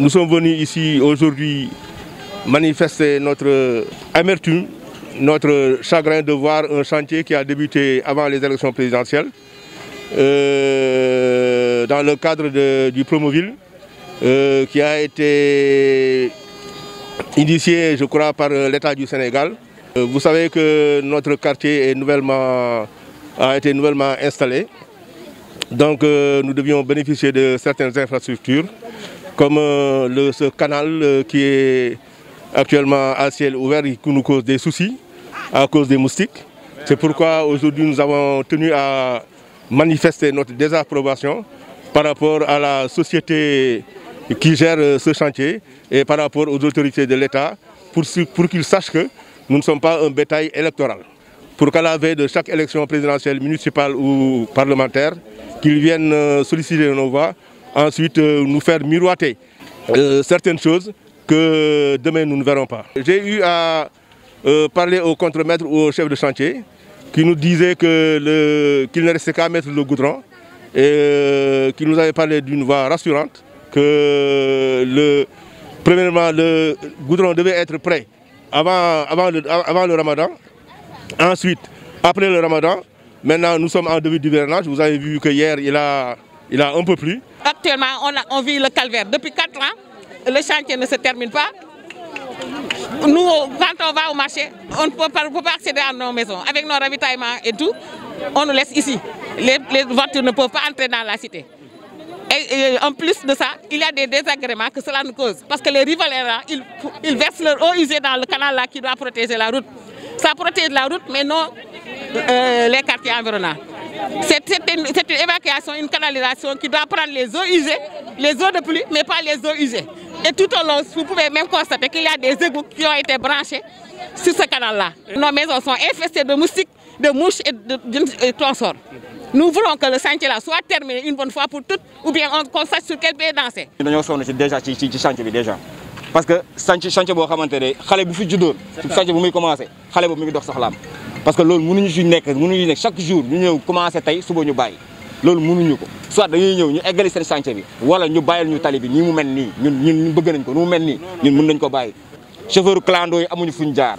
Nous sommes venus ici aujourd'hui manifester notre amertume, notre chagrin de voir un chantier qui a débuté avant les élections présidentielles euh, dans le cadre du Promoville euh, qui a été initié, je crois, par l'État du Sénégal. Euh, vous savez que notre quartier a été nouvellement installé. Donc nous devions bénéficier de certaines infrastructures comme euh, ce canal euh, qui est actuellement à ciel ouvert et qui nous cause des soucis à cause des moustiques. C'est pourquoi aujourd'hui nous avons tenu à manifester notre désapprobation par rapport à la société qui gère euh, ce chantier et par rapport aux autorités de l'État pour, pour qu'ils sachent que nous ne sommes pas un bétail électoral. Pour qu'à la veille de chaque élection présidentielle, municipale ou parlementaire, qu'ils viennent solliciter nos voix ensuite euh, nous faire miroiter euh, certaines choses que demain nous ne verrons pas. J'ai eu à euh, parler au contremaître ou au chef de chantier qui nous disait qu'il ne restait qu'à mettre le goudron et qui nous avait parlé d'une voix rassurante que le, premièrement le goudron devait être prêt avant, avant, le, avant le ramadan. Ensuite, après le ramadan, maintenant nous sommes en début d'hivernage. Vous avez vu que hier il a, il a un peu plu. Actuellement, on, vit le calvaire. Depuis quatre ans, le chantier ne se termine pas. Nous, quand on va au marché, on ne peut pas, accéder à nos maisons. Avec nos ravitaillements et tout, on nous laisse ici. Les, voitures ne peuvent pas entrer dans la cité. Et, en plus de ça, il y a des désagréments que cela nous cause. Parce que les riverains, ils, versent leur eau usée dans le canal là qui doit protéger la route. Ça protège la route, mais non euh, les quartiers environnants. C'est une évacuation, une canalisation qui doit prendre les eaux usées, les eaux de pluie, mais pas les eaux usées. Et tout au long, vous pouvez même constater qu'il y a des égouts qui ont été branchés sur ce canal-là. Nos maisons sont infestées de moustiques, de mouches et de, tronçons. Nous voulons que le chantier-là soit terminé une bonne fois pour toutes, ou bien on constate sur quel pays danser. Nous sommes déjà chantier. Parce que le chantier, c'est le chantier qui commence. parce que loolu mënuñu suñ nekk mënuñu nekk chaque jour ñu ñëw commencé tey suba ñu bàyyi loolu mënuñu ko soit dañuy ñëw ñu eggali seen bi wala ñu bàyyil ñu tali bi nii mu mel nii ñun ñun bëgg nañ ko nu mu mel nii ñun mun nañ ko bàyyi chauffeur clando yi amuñu fuñ jaar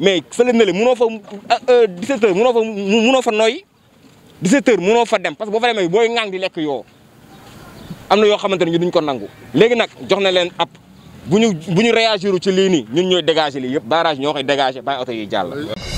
mais fële na le mënoo fa 17 ah, euh, heures mënoo fa fa nooy 17 heures mënoo fa dem parce que boo fa demee booy ŋang di lekk yoo am na yoo xamante ne ñu duñ ko nangu. léegi nag jox na leen app bu ñu bu ñu réagir ci lii nii ñun ñooy dégager lii yëpp barrage ñoo koy dégager bàyyi oto yi jàll.